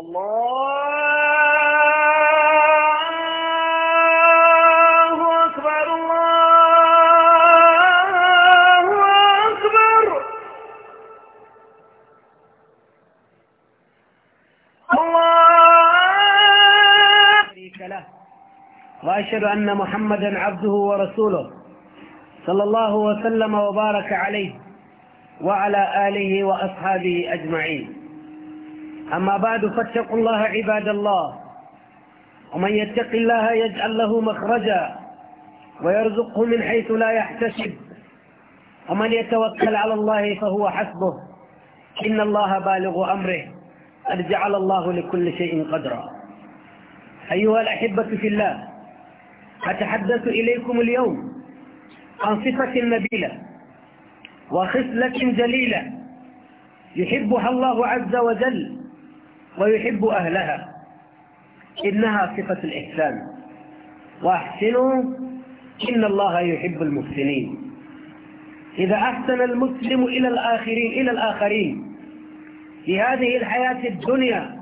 الله أكبر الله أكبر الله وأشهد أن محمدا عبده ورسوله صلى الله وسلم وبارك عليه وعلى آله وأصحابه أجمعين أما بعد فاتقوا الله عباد الله ومن يتق الله يجعل له مخرجا ويرزقه من حيث لا يحتسب ومن يتوكل على الله فهو حسبه إن الله بالغ أمره قد جعل الله لكل شيء قدرا أيها الأحبة في الله أتحدث إليكم اليوم عن صفة نبيلة وخصلة جليلة يحبها الله عز وجل ويحب أهلها إنها صفة الإحسان وأحسنوا إن الله يحب المحسنين إذا أحسن المسلم إلى الآخرين إلى الآخرين في هذه الحياة الدنيا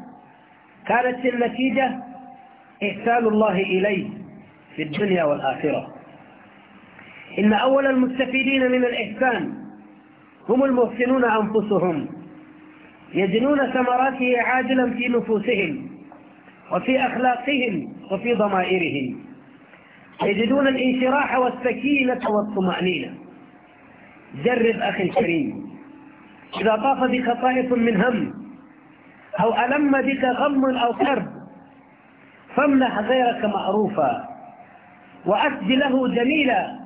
كانت النتيجة إحسان الله إليه في الدنيا والآخرة إن أول المستفيدين من الإحسان هم المحسنون أنفسهم يجنون ثمراته عاجلا في نفوسهم وفي أخلاقهم وفي ضمائرهم يجدون الانشراح والسكينة والطمأنينة جرب أخي الكريم إذا طاف بك طائف من هم أو ألم بك غم أو كرب فامنح غيرك معروفا وأسج له جميلا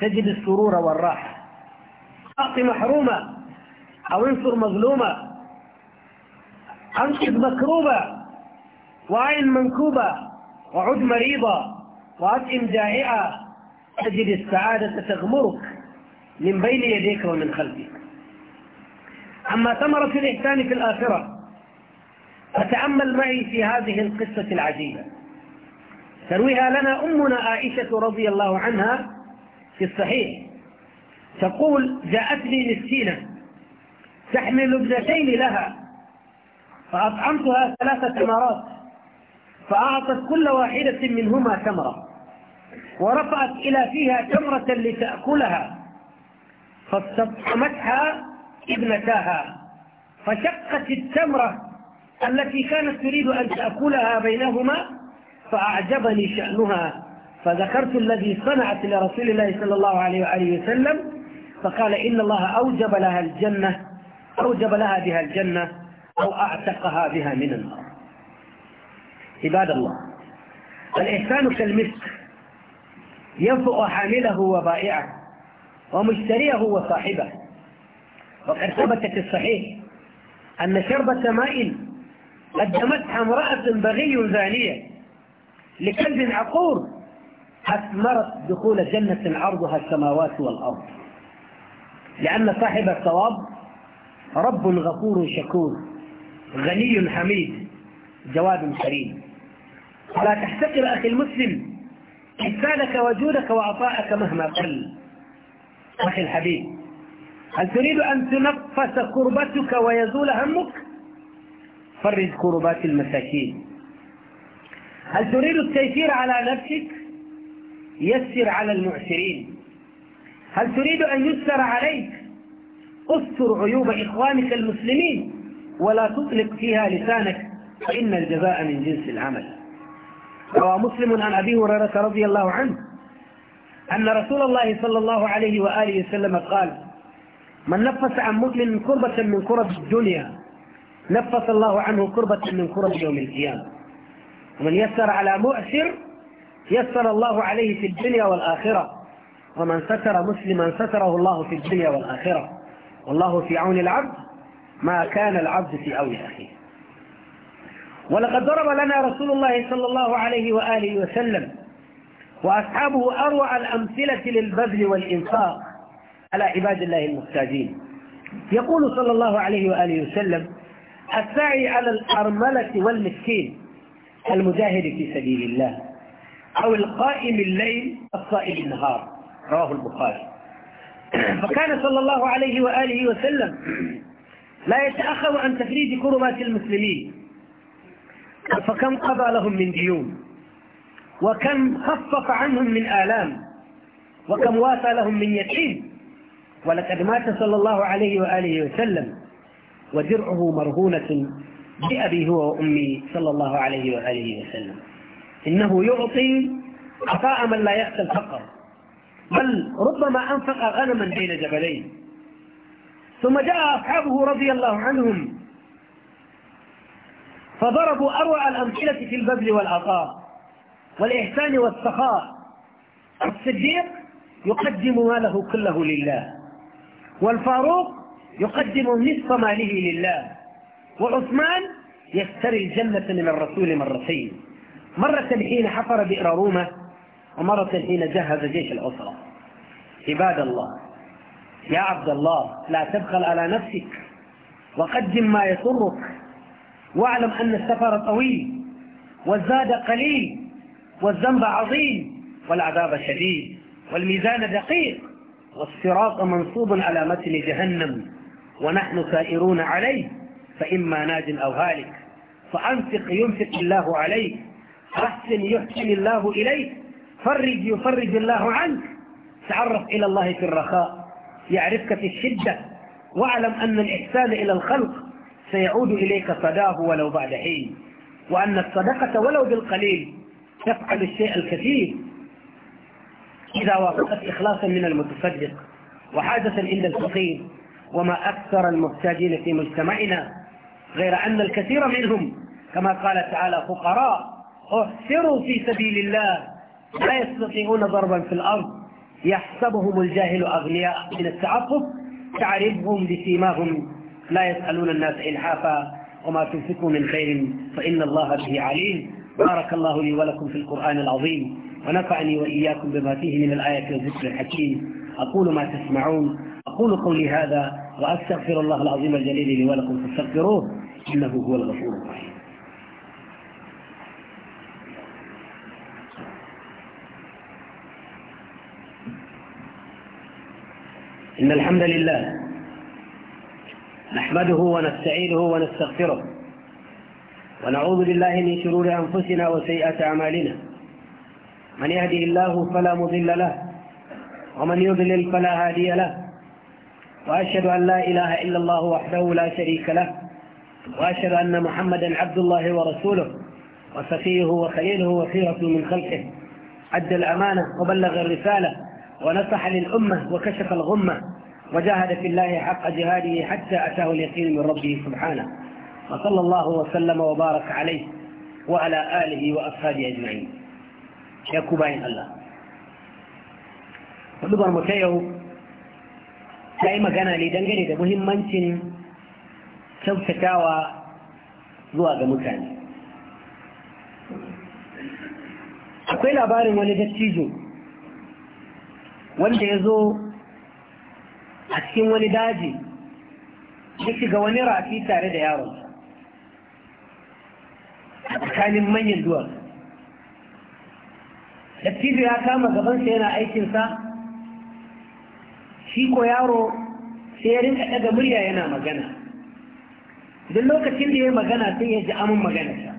تجد السرور والراحة أعط محرومة أو انصر مظلومه أنقذ مكروبة وعين منكوبة وعد مريضة وأطعم جائعة تجد السعادة تغمرك من بين يديك ومن خلفك أما ثمرة الإحسان في الآخرة فتأمل معي في هذه القصة العجيبة ترويها لنا أمنا عائشة رضي الله عنها في الصحيح تقول جاءتني مسكينة تحمل ابنتين لها فأطعمتها ثلاث تمرات فأعطت كل واحدة منهما تمرة ورفعت إلى فيها تمرة لتأكلها فاستطعمتها ابنتاها فشقت التمرة التي كانت تريد أن تأكلها بينهما فأعجبني شأنها فذكرت الذي صنعت لرسول الله صلى الله عليه وآله وسلم فقال إن الله أوجب لها الجنة أوجب لها بها الجنة أو أعتقها بها من النار عباد الله الإحسان كالمسك ينفق حامله وبائعه ومشتريه وصاحبه وقد ثبت في الصحيح أن شربة ماء قدمتها امرأة بغي زانية لكلب عقور أثمرت دخول جنة عرضها السماوات والأرض لأن صاحب الثواب رب غفور شكور غني حميد جواد كريم فلا تحتقر أخي المسلم إنسانك وجودك وعطاءك مهما قل أخي الحبيب هل تريد أن تنفس كربتك ويزول همك فرد كربات المساكين هل تريد التيسير على نفسك يسر على المعسرين هل تريد أن يسر عليك استر عيوب إخوانك المسلمين ولا تطلق فيها لسانك فإن الجزاء من جنس العمل روى مسلم عن أبي هريرة رضي الله عنه أن رسول الله صلى الله عليه وآله وسلم قال من نفس عن مؤمن كربة من كرب الدنيا نفس الله عنه كربة من كرب يوم القيامة ومن يسر على مؤسر يسر الله عليه في الدنيا والآخرة ومن ستر مسلما ستره الله في الدنيا والآخرة والله في عون العبد ما كان العبد في أول أخيه ولقد ضرب لنا رسول الله صلى الله عليه وآله وسلم وأصحابه أروع الأمثلة للبذل والإنفاق على عباد الله المحتاجين يقول صلى الله عليه وآله وسلم السعي على الأرملة والمسكين المجاهد في سبيل الله أو القائم الليل الصائم النهار رواه البخاري فكان صلى الله عليه وآله وسلم لا يتأخر عن تفريج كربات المسلمين فكم قضى لهم من ديون وكم خفف عنهم من آلام وكم وافى لهم من يتيم ولقد مات صلى الله عليه وآله وسلم ودرعه مرهونة بأبي هو وأمي صلى الله عليه وآله وسلم إنه يعطي عطاء من لا يأتي الفقر بل ربما أنفق غنما بين جبلين ثم جاء أصحابه رضي الله عنهم فضربوا أروع الأمثلة في البذل والعطاء والإحسان والسخاء الصديق يقدم ماله كله لله والفاروق يقدم نصف ماله لله وعثمان يشتري الجنة من الرسول مرتين مرة حين حفر بئر رومة ومرة حين جهز جيش العسرة عباد الله يا عبد الله لا تبخل على نفسك وقدم ما يسرك واعلم أن السفر طويل والزاد قليل والذنب عظيم والعذاب شديد والميزان دقيق والصراط منصوب على متن جهنم ونحن سائرون عليه فإما ناج أو هالك فأنفق ينفق الله عليك أحسن يحسن الله إليك فرج يفرج الله عنك تعرف إلى الله في الرخاء يعرفك في الشدة واعلم أن الإحسان إلى الخلق سيعود إليك صداه ولو بعد حين وأن الصدقة ولو بالقليل تفعل الشيء الكثير إذا وافقت إخلاصا من المتصدق وحاجة عند الفقير وما أكثر المحتاجين في مجتمعنا غير أن الكثير منهم كما قال تعالى فقراء احسروا في سبيل الله لا يستطيعون ضربا في الأرض يحسبهم الجاهل أغنياء من التعفف تعرفهم بسيماهم لا يسألون الناس إلحافا وما تنفقوا من خير فإن الله به عليم بارك الله لي ولكم في القرآن العظيم ونفعني وإياكم بما فيه من الآية والذكر الحكيم أقول ما تسمعون أقول قولي هذا وأستغفر الله العظيم الجليل لي ولكم فاستغفروه إنه هو الغفور الرحيم إن الحمد لله نحمده ونستعينه ونستغفره ونعوذ بالله من شرور أنفسنا وسيئات أعمالنا من يهده الله فلا مضل له ومن يضلل فلا هادي له وأشهد أن لا إله إلا الله وحده لا شريك له وأشهد أن محمدا عبد الله ورسوله وصفيه وخليله وخيرة من خلقه أدى الأمانة وبلغ الرسالة ونصح للأمة وكشف الغمة وجاهد في الله حق جهاده حتى أتاه اليقين من ربه سبحانه وصلى الله وسلم وبارك عليه وعلى آله وأصحابه أجمعين يا كوباين الله ولبر متيو sai magana ne dangane مهم منشن kyautatawa تتاوى زواج مكاني أقول أبارم ولدت تيجو wanda ya zo a cikin wani daji ya shiga wani rafi tare da yaron a tsakanin manyan duwar dattijo ya kama gabansa yana aikinsa shi ko yaro sai ya rinka ɗaga murya yana magana duk lokacin da ya magana sai ya ji amin maganarsa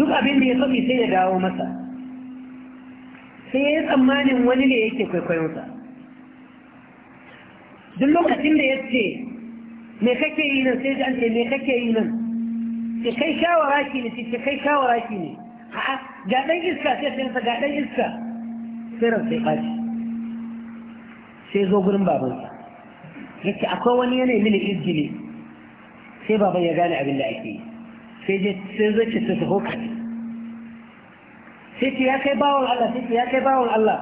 duk abin da ya faɗi sai ya dawo masa sai ya tsammanin wani ne yake kwaikwayonsa duk lokacin da ya ce me kake yi nan sai an mai me kake yi nan ce kai shawara ki ne ce kai shawara ki ne a'a ga dan iska sai sai sa ga dan iska sai ran sai ɓaci sai zo gurin babansa yace akwai wani yanayi mini izgili sai baban ya gane abin da ake yi sai je sai ce ta ka kaji sai ce ya kai bawon Allah sai ce ya kai bawon Allah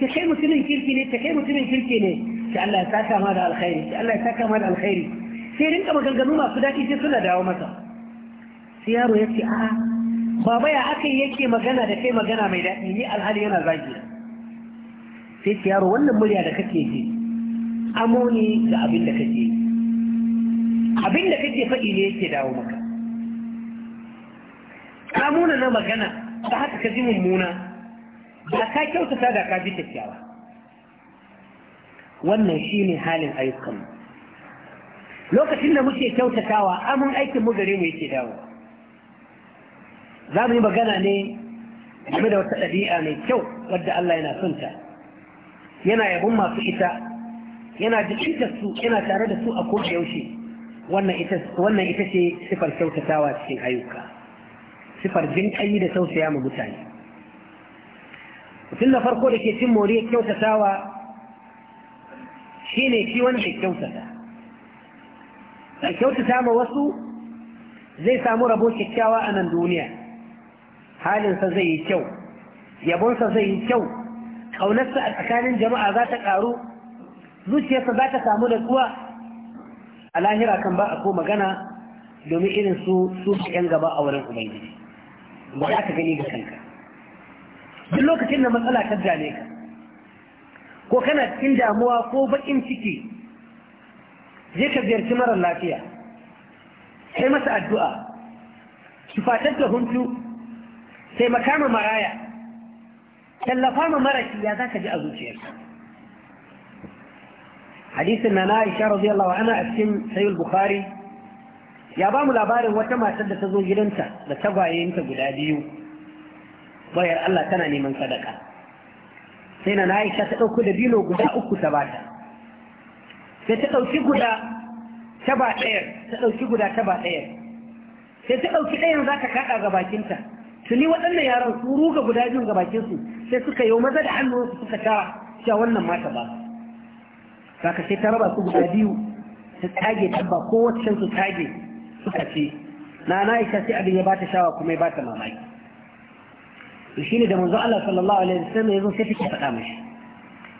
ki kai mutumin kirki ne sai kai mutumin kirki ne sai Allah ya saka ma da alkhairi sai Allah ya saka ma da alkhairi sai rinka maganganu masu daɗi sai suna dawo masa sai yaro ya ce a'a baba ya aka yake magana da kai magana mai daɗi ni alhali yana zagi sai ce yaro wannan murya da kake ji amo ne ga abin da kake abin da kake faɗi ne yake dawo maka kamuna na magana da haka ka ji mummuna da ka kyautata da ka ji kyakkyawa wannan shine halin ayyukan lokacin da muke kyautatawa amin aikin mu gare mu yake dawo za mu yi magana ne game da wata ɗabi'a mai kyau wadda Allah yana son ta yana yabon masu ita yana jikinta su yana tare da su a koda yaushe wannan ita ce sifar kyautatawa cikin ayyuka sifar jin kai da tausaya ma mutane mutum na farko da ke cin moriyar kyautatawa shi ne shi wanda kyautata da kyautata ma wasu zai samu rabo kyakkyawa a nan duniya halinsa zai yi kyau yabonsa zai yi kyau ƙaunarsa a tsakanin jama'a za ta ƙaru zuciyarsa za ta samu da natsuwa a lahira kan ba a ko magana domin irin su su 'yan gaba a wurin ubangiji ba za ka gani ga kanka duk lokacin da matsala ta dame ka ko kana cikin damuwa ko baƙin ciki je ka ziyarci mara lafiya sai masa addu'a fatar da huntu sai makama maraya tallafa ma marashi ya za ka ji a zuciyarsa hadisin na na isha radiyallahu ana a cikin sayul bukhari ya ba mu labarin wata matar da ta zo gidanta da tagwayenta guda biyu bayar Allah tana neman sadaka sai na Aisha ta ɗauko da dino guda uku ta bata sai ta ɗauki guda ta ba ɗayar ta ɗauki guda ta ba ɗayar sai ta ɗauki ɗayan za ta kaɗa ga bakinta tuni waɗannan yaran su ruga guda biyun ga bakinsu sai suka yi maza da hannunsu suka ta cewa wannan mata ba kaka sai ta raba su guda biyu ta tage dabba ko wacce su tage suka ce na na isha sai abin ya bata shawa kuma ya bata mamaki to shine da manzo Allah sallallahu alaihi wasallam yazo sai take faɗa mishi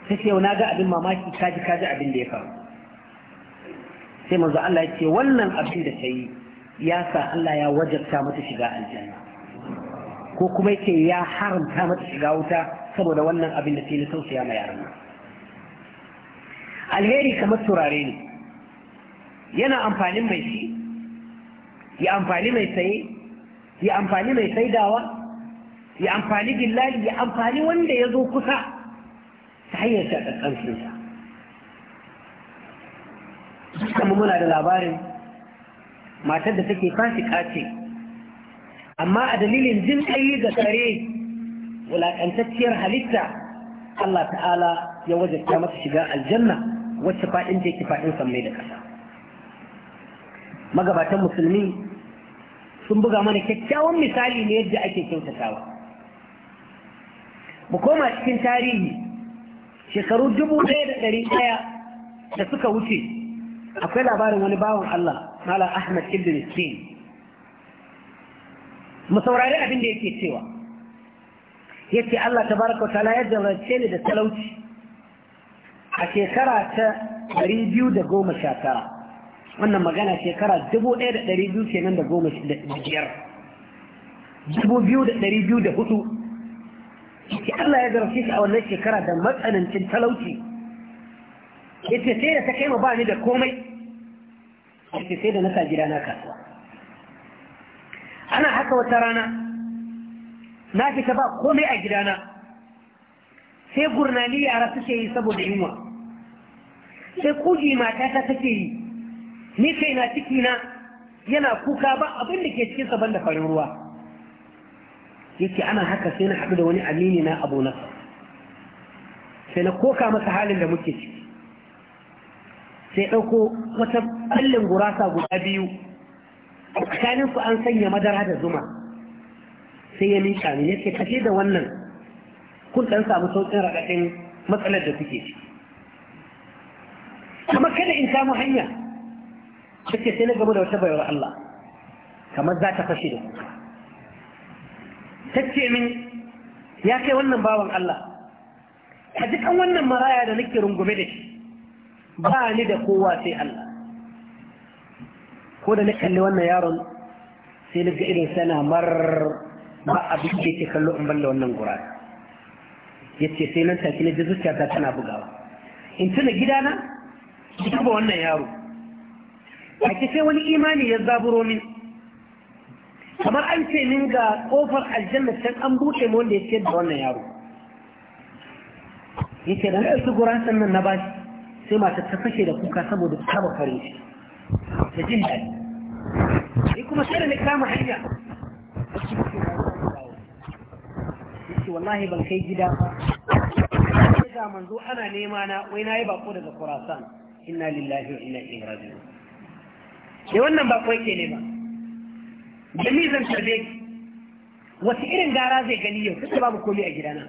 sai ce na ga abin mamaki kaji kaji abin da ya faru sai manzo Allah ya ce wannan abin da ta yi ya sa Allah ya wajabta mata shiga aljanna ko kuma yake ya haramta mata shiga wuta saboda wannan abin da ta yi tausaya ma yaran alheri kamar turare ne yana amfanin mai shi Yi amfani mai saidawa ya amfani dillali ya amfani wanda ya zo kusa ta hanyar shaƙaƙƙansinsa kuma muna da labarin matar da take fasika ce amma a dalilin jin ɗaya ga kare wulaƙantacciyar halitta Allah ta'ala ya wajabta mata shiga aljanna wacce faɗin da yake faɗin sammai da ƙasa magabatan musulmi sun buga mana kyakkyawan misali ne yadda ake kyautatawa mu koma cikin tarihi shekaru dubu ɗaya da ɗari ɗaya da suka wuce akwai labarin wani bawan Allah Malam Ahmad Ibn Sin mu saurari abin da yake cewa yace Allah tabaraka wa ta'ala ya jarrace ni da talauci a shekara ta 219 wannan magana shekara dubu ɗaya da ɗari biyu kenan da goma da biyar dubu biyu da ɗari biyu da hudu ki Allah ya zarfi shi a wannan shekara da matsanancin talauci yace sai da ta kai ba ni da komai yace sai da na sa gida na kasuwa ana haka wata rana na fita ba komai a gidana sai gurnani yara suke yi saboda yunwa sai kuji mata ta take yi ni kai na ciki na yana kuka ba abin da ke cikin sa banda farin ruwa Yake ana haka sai na haɗu da wani amini na abu sai na koka masa halin da muke ciki sai ɗauko wata ƙallin gurasa guda biyu a tsakanin su an sanya madara da zuma sai ya minka ne yace kashe da wannan kun ɗan samu sauƙin raɗaɗin matsalar da kuke ciki amma kada in samu hanya take sai na gaba da wata bayar Allah kamar za ta fashe da ce min ya kai wannan bawan Allah a jikan wannan maraya da nake rungume da shi ba ni da kowa sai Allah ko da na kalli wannan yaron sai na ga irin sana mar ba abin da yake kallo in balla wannan gura ya ce sai nan take na ji ta tana bugawa in tuna gidana ki ba wannan yaro a sai wani imani ya zaburo min kamar an ce min ga kofar aljanna can an buɗe mu wanda ya ce da wannan yaro yake da na su gura sannan na bashi sai mata ta fashe da kuka saboda kama fare shi Ta jin daɗi ni kuma sai da na kama hanya ce wallahi ban kai gida ba sai ga manzo ana nema na wai na yi bako daga kurasan inna lillahi wa inna ilaihi raji'un shi wannan ba kwai ke ne ba jami zan tarbe wasu irin gara zai gani yau kusa babu komai a gidana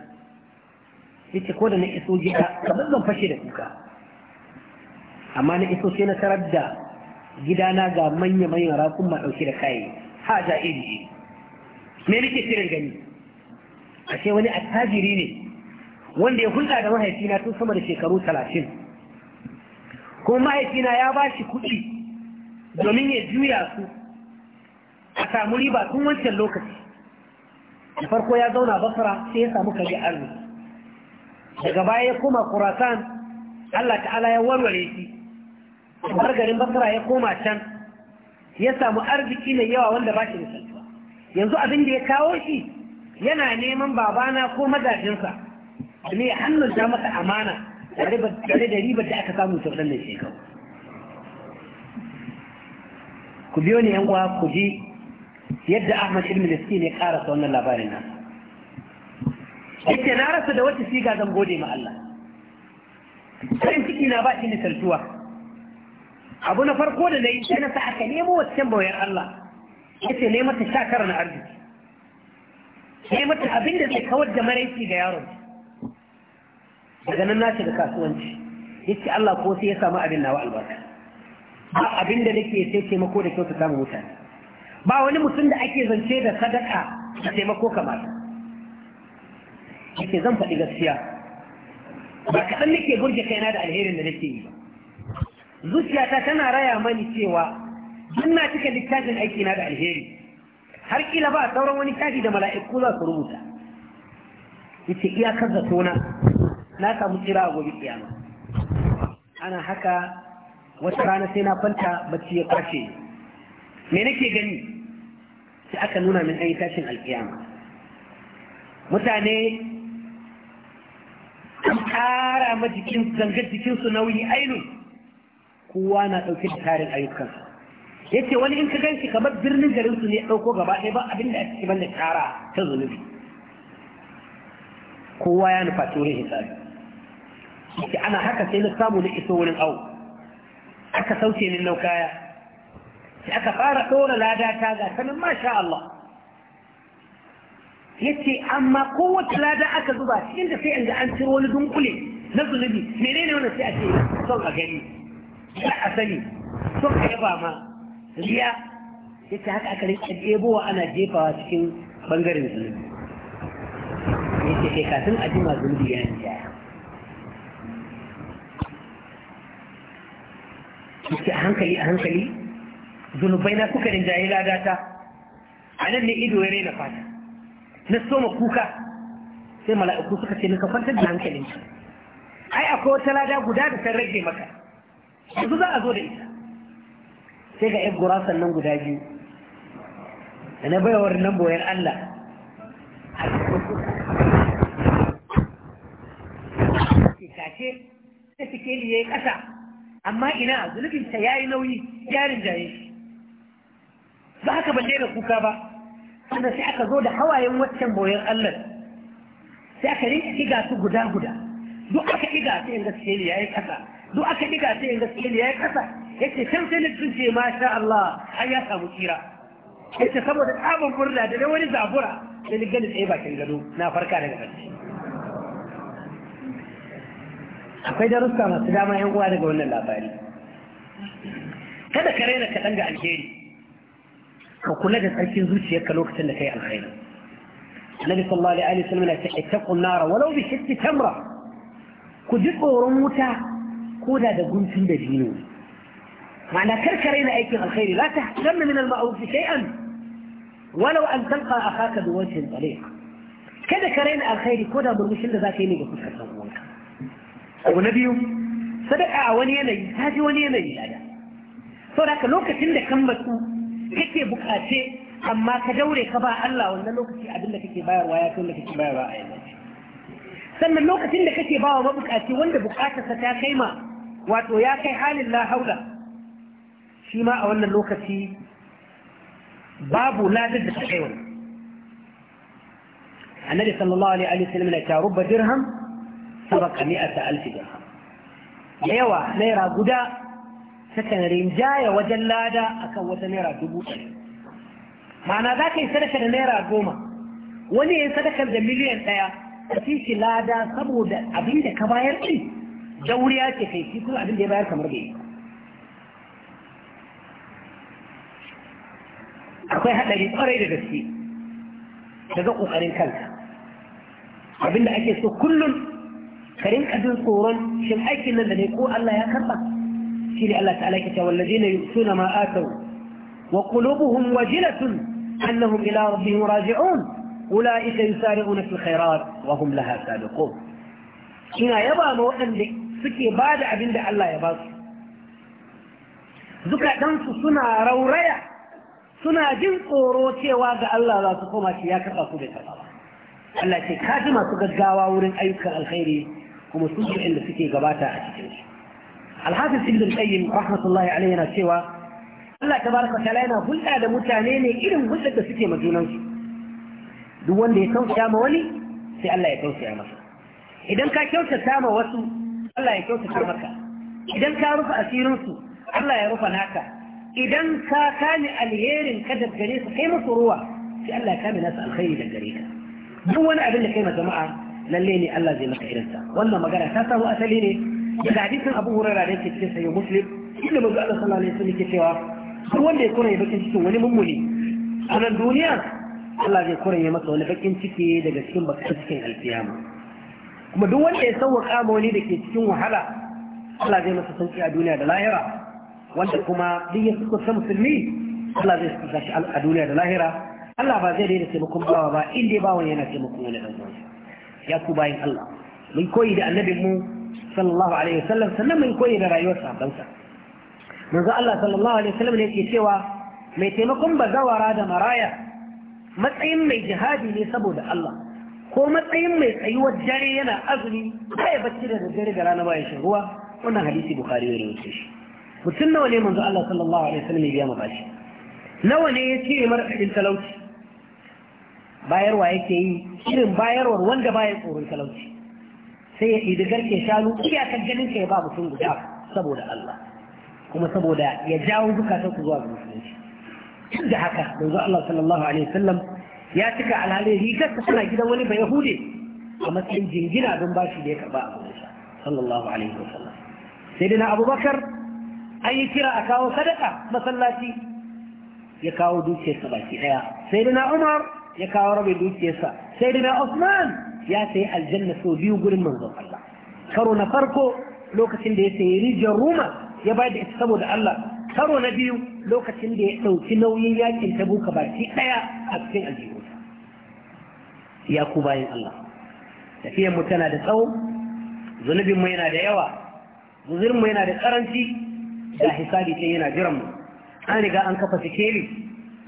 ya ce ko na iso gida kamar zan fashe da kuka amma na iso sai na tarar da gidana ga manya-manyan rakun ma da kayi ha ja iri me nake shirin gani ashe wani attajiri ne wanda ya hulɗa da mahaifina tun sama da shekaru talatin kuma mahaifina ya ba shi kuɗi domin ya juya su a samu riba tun wancan lokaci da farko ya zauna basara sai ya samu kaji arni daga baya ya koma kurasan Allah ta'ala ya warware shi a garin basra ya koma can ya samu arziki mai yawa wanda ba shi misaltuwa yanzu abin da ya kawo shi yana neman babana ko madajinsa domin ya hannun masa amana da ribar da aka samu sauran ɗannan shekaru ku biyo ni yan uwa ku ji yadda Ahmad ibn Miskin ya karasa wannan labarin nan yake na rasa da wata siga zan gode ma Allah farin ciki na ba shi misaltuwa abu na farko da na yi sai na sa aka nemo waccan bayan Allah yace ne mata shakar na arziki ne mata abin da zai kawar da maraici ga yaron daga nan na shiga kasuwanci yace Allah ko sai ya samu abin nawa albarka ba abin da nake sai taimako da kyauta mu mutane ba wani mutum da ake zance da sadaka da taimako kamar ake zan faɗi gaskiya ba kaɗan nake burge kaina da alherin da nake yi ba zuciyata tana raya mani cewa duk na cika littafin aiki na da alheri har kila ba sauran wani tafi da mala'iku za su rubuta yace iyakar zatona na samu tsira a gobe kiyama ana haka wata rana sai na kwanta bacci ya kwashe me nake gani sai aka nuna min an yi tashin alkiyama mutane an ƙara ma jikin zangar jikinsu nauyi ainu kowa na ɗauke da tarin ayyukansu. ya ce wani in ka ganshi shi kamar birnin garinsu ne ɗauko gaba ɗaya ba abin da ake ban da tara ta zunubi kowa ya nufa wurin hisabi ana haka sai na samu na iso wurin awo aka sauke ni laukaya kaya sai aka fara ɗora lada ta ga sanin masha Allah ya ce amma kowace lada aka zuba cikin da sai an ga an ciro wani dunkule na zunubi menene wannan sai a ce son a gani ya a sani son a yaba ma riya ya ce haka aka rike ɗebowa ana jefawa cikin ɓangaren zunubi ya ce kai kafin a jima zunubi ya yi a hankali a hankali zunubai na kuka jayi ladata a nan ne ido ya raina fata na soma kuka sai mala'iku suka ce ka kwantar da hankalin ai akwai wata lada guda da ta rage maka yanzu za a zo da ita sai ga 'yan gurasan nan guda biyu da na baiwar nan boyar Allah kace ta fike liye kasa amma ina zunubinsa ya yi nauyi ya rinjaye ba haka balle da kuka ba sannan sai aka zo da hawayen waccan boyar Allah sai aka rinka ɗiga su guda guda duk aka ɗiga su in ya yi ƙasa duk aka ɗiga su in ya yi ƙasa yace can sai littun ce masha Allah har ya samu kira yace saboda tsaban burla da wani zabura da ni gani tsaye bakin gado na farka daga ƙarshe akwai darussa masu dama yan uwa daga wannan labari kada ka raina kaɗan ga alheri ka kula da tsarkin zuciyarka lokacin da kai alheri annabi sallallahu alaihi wasallam ya ce ittaqun nar walau bi shiqqi tamra ku ji tsoron wuta ko da da guntun da dino ma'ana kar ka raina aikin alheri la tahzanna min al-ma'ruf shay'an walau an talqa akhaka bi wajhin tariq kada ka raina alheri ko da murmushin da zaka yi ne ga fuskar abu na biyu sadaka a wani yanayi ta ji wani yanayi lada sau da lokacin da kan matsu kake bukace amma ka daure ka ba Allah wannan lokaci abin da kake bayarwa ya fi da kake bayarwa a yanzu sannan lokacin da kake bawa mabukaci wanda bukatarsa ta kai ma wato ya kai halin la haula shi ma a wannan lokaci babu ladar da ta kai wani annabi sallallahu alaihi wa sallam na ta rubba dirham سبق مئة ألف درهم يوا ليرا قدا سكن رنجايا وجلادا أكو وتنيرا دبوس معنى ذاك يسدك نيرا قوما وني يسدك المليون تيا في شلادا صبود عبيد كباير كي جوريات كي في كل عبيد كباير كمرجي akwai haɗari ƙwarai da gaske daga ƙoƙarin kanka abinda ake so kullum كريم أدن قورن شم أيكي نذن يقول الله يا كربا سيري الله تعالى والذين يؤسون ما آتوا وقلوبهم وجلة أنهم إلى ربهم راجعون أولئك يسارعون في الخيرات وهم لها سابقون هنا يبقى موحن لك سكي بعد عبد الله يباس ذكا دانس سنا روريا سنا جن قوروتي واغ الله لا تقوم يا كربا سبيت الله الله يتكاد ما تقد جاوا أيك الخيري kuma su da suke gabata a cikin shi alhafiz ibn al qayyim rahmatullahi alayhi yana cewa Allah tabaraka ta'ala yana hulɗa da mutane ne irin hulɗar da suke majunan su duk wanda ya tausaya ma wani sai Allah ya tausaya masa idan ka kyautata ma wasu Allah ya kyautata maka idan ka rufa asirin su Allah ya rufa naka idan ka kame alherin ka daggare su kai musu ruwa sai Allah ya kame nasu alkhairi daggare ka duk wani abin da kai ma jama'a lalle ne Allah zai maka irinsa wannan magana ta samu asali ne daga hadisin Abu Hurairah da yake cikin sahih Muslim inda manzo Allah sallallahu alaihi wasallam yake cewa duk wanda ya kore bakin cikin wani mummuni a nan duniya Allah zai kore masa wani bakin ciki daga cikin bakin cikin alkiyama kuma duk wanda ya sauwaka ma wani da ke cikin wahala Allah zai masa sauki a duniya da lahira wanda kuma duk ya musulmi Allah zai shi a duniya da lahira Allah ba zai daina taimakon bawa ba inda bawa yana taimakon wani ɗan ya ku bayan Allah mun koyi da annabinmu mu sallallahu alaihi wasallam sannan mun koyi da rayuwar sahabbansa manzo Allah sallallahu alaihi wasallam ne yake cewa mai taimakon bazawara da maraya matsayin mai jihadi ne saboda Allah ko matsayin mai tsayuwar dare yana azumi ba ya bacci da dare da rana bayan shan ruwa wannan hadisi bukhari ne yake shi mutum nawa ne manzo Allah sallallahu alaihi wasallam ya biya mabashi nawa ne ya ce mar talauci bayarwa yake yi irin bayarwar wanda baya tsoron talauci sai ya ɗiɗi garke shanu iyakar ganin ka ya ba mutum guda saboda Allah kuma saboda ya jawo zukatan ku zuwa ga musulunci duk da haka yanzu Allah sallallahu alaihi wasallam ya cika alhalin rigar ta suna gidan wani bai hude a matsayin jingina don bashi da ya karba a gudansa sallallahu alaihi wasallam sai dai na abubakar an yi kira a kawo sadaka masallaci ya kawo dukiyarsa baki daya sai dai na umar ya kawo rabin dukiyarsa sai na Osman ya sayi aljanna sau biyu gurin manzon Allah karo na farko lokacin da ya sayi rijiyar Roma ya bayar da ita saboda Allah karo na biyu lokacin da ya ɗauki nauyin yakin ta buka baki ɗaya a cikin aljihunsa ya ku bayan Allah tafiyar mu tana da tsawo zunubin mu yana da yawa guzurin mu yana da karanci da hisabi sai yana jiran mu an riga an kafa sikeli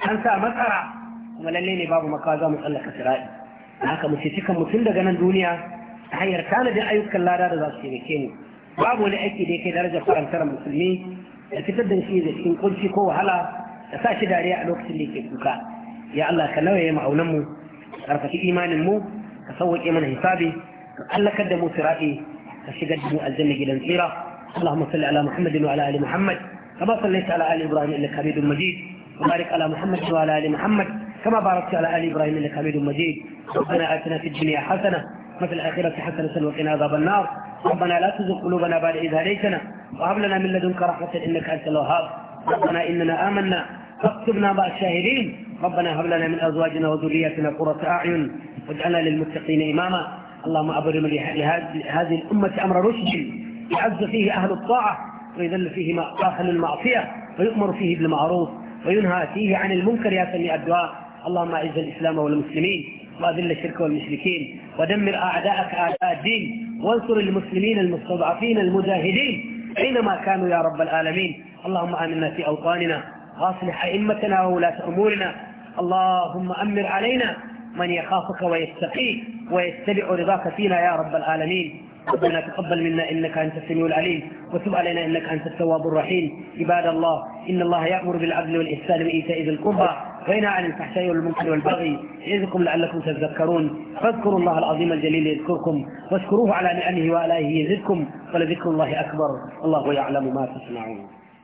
an sa matsara kuma lalle ne babu makawa za mu tsallaka sira'i da haka mu cikin mutum daga nan duniya ta hanyar tanadin ayyukan lada da za su taimake mu babu wani aiki da yake darajar farantar musulmi da fitar da shi da cikin kunci ko wahala da sa shi dariya a lokacin da yake kuka ya Allah ka lauye ma'aunan mu karfafi imanin mu ka sauwaƙe mana hisabi ka tsallakar da mu sira'i ka shigar da mu aljanna gidan tsira اللهم صل على محمد وعلى ال محمد كما صليت على ال ابراهيم انك حميد مجيد وبارك على محمد وعلى ال محمد كما باركت على آل إبراهيم إنك حميد مجيد ربنا آتنا في الدنيا حسنة وفي الآخرة حسنة وقنا عذاب النار ربنا لا تزغ قلوبنا بعد إذ هديتنا وهب لنا من لدنك رحمة إنك أنت الوهاب ربنا إننا آمنا فاكتبنا مع الشاهدين ربنا هب لنا من أزواجنا وذرياتنا قرة أعين واجعلنا للمتقين إماما اللهم أبرم لهذه الأمة أمر رشد يعز فيه أهل الطاعة ويذل فيه أهل المعصية ويؤمر فيه بالمعروف وينهى فيه عن المنكر يا سميع الدعاء اللهم اعز الإسلام والمسلمين وأذل الشرك والمشركين ودمر أعداءك أعداء الدين وانصر المسلمين المستضعفين المجاهدين أينما كانوا يا رب العالمين اللهم آمنا في أوطاننا واصلح أئمتنا وولاة أمورنا اللهم أمر علينا من يخافك ويتقيك ويتبع رضاك فينا يا رب العالمين ربنا تقبل منا إنك أنت السميع العليم وتب علينا إنك أنت التواب الرحيم عباد الله إن الله يأمر بالعدل والإحسان وإيتاء ذي القربى بين عن الفحشاء والمنكر والبغي يعظكم لعلكم تذكرون فاذكروا الله العظيم الجليل يذكركم واشكروه على نعمه وآلائه يزدكم ولذكر الله أكبر الله يعلم ما تصنعون